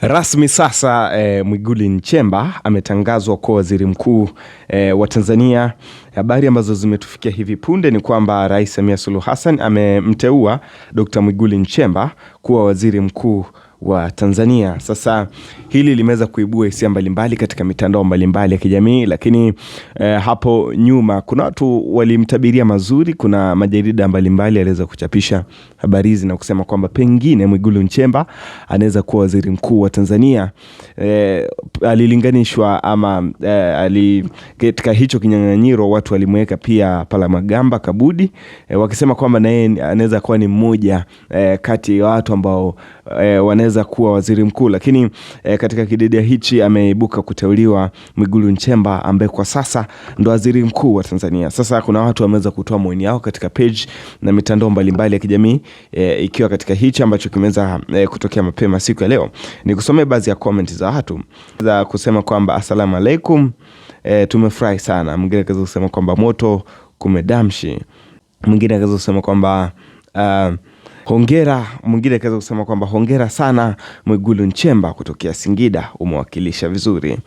Rasmi sasa e, Mwigulu Nchemba ametangazwa kuwa waziri mkuu e, wa Tanzania. Habari ambazo zimetufikia hivi punde ni kwamba Rais Samia Suluhu Hassan amemteua Dr. Mwigulu Nchemba kuwa waziri mkuu wa Tanzania. Sasa hili limeweza kuibua hisia mbalimbali katika mitandao mbalimbali ya kijamii, lakini eh, hapo nyuma kuna watu walimtabiria mazuri. Kuna majarida mbalimbali yaliweza kuchapisha habari hizi na kusema kwamba pengine Mwigulu Nchemba anaweza kuwa waziri mkuu wa Tanzania. Eh, alilinganishwa ama eh, ali, katika hicho kinyang'anyiro watu walimweka pia Palamagamba Kabudi eh, wakisema kwamba naye anaweza kuwa ni mmoja eh, kati ya watu ambao eh, wana anaweza kuwa waziri mkuu, lakini e, katika kidedea hichi ameibuka kuteuliwa Mwigulu Nchemba ambaye kwa sasa ndo waziri mkuu wa Tanzania. Sasa kuna watu wameweza kutoa maoni yao katika page na mitandao mbalimbali ya kijamii e, ikiwa katika hichi ambacho kimeweza e, kutokea mapema siku ya leo. Nikusomee baadhi ya comment za watu za kusema kwamba asalamu alaikum, e, tumefurahi sana. Mwingine akaweza kusema kwamba moto kumedamshi. Mwingine akaweza kusema kwamba uh, Hongera, mwingine akaweza kusema kwamba hongera sana Mwigulu Nchemba kutokea Singida, umewakilisha vizuri.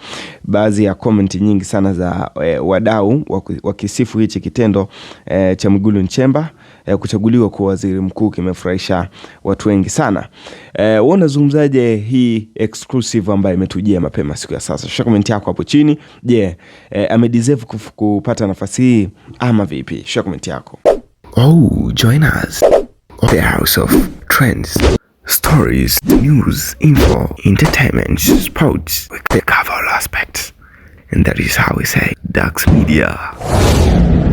Baadhi ya komenti nyingi sana za e, wadau wakisifu hichi kitendo e, cha Mwigulu Nchemba e, kuchaguliwa kuwa waziri mkuu kimefurahisha watu wengi sana. E, unazungumzaje hii exclusive ambayo imetujia mapema siku ya sasa? Shusha komenti yako hapo chini. Je, yeah, e, amedeserve kupata nafasi hii ama vipi? Shusha komenti yako. Oh, join us. the house of trends, stories, news, info, entertainment, sports. We cover all aspects. And that is how we say Dax Media.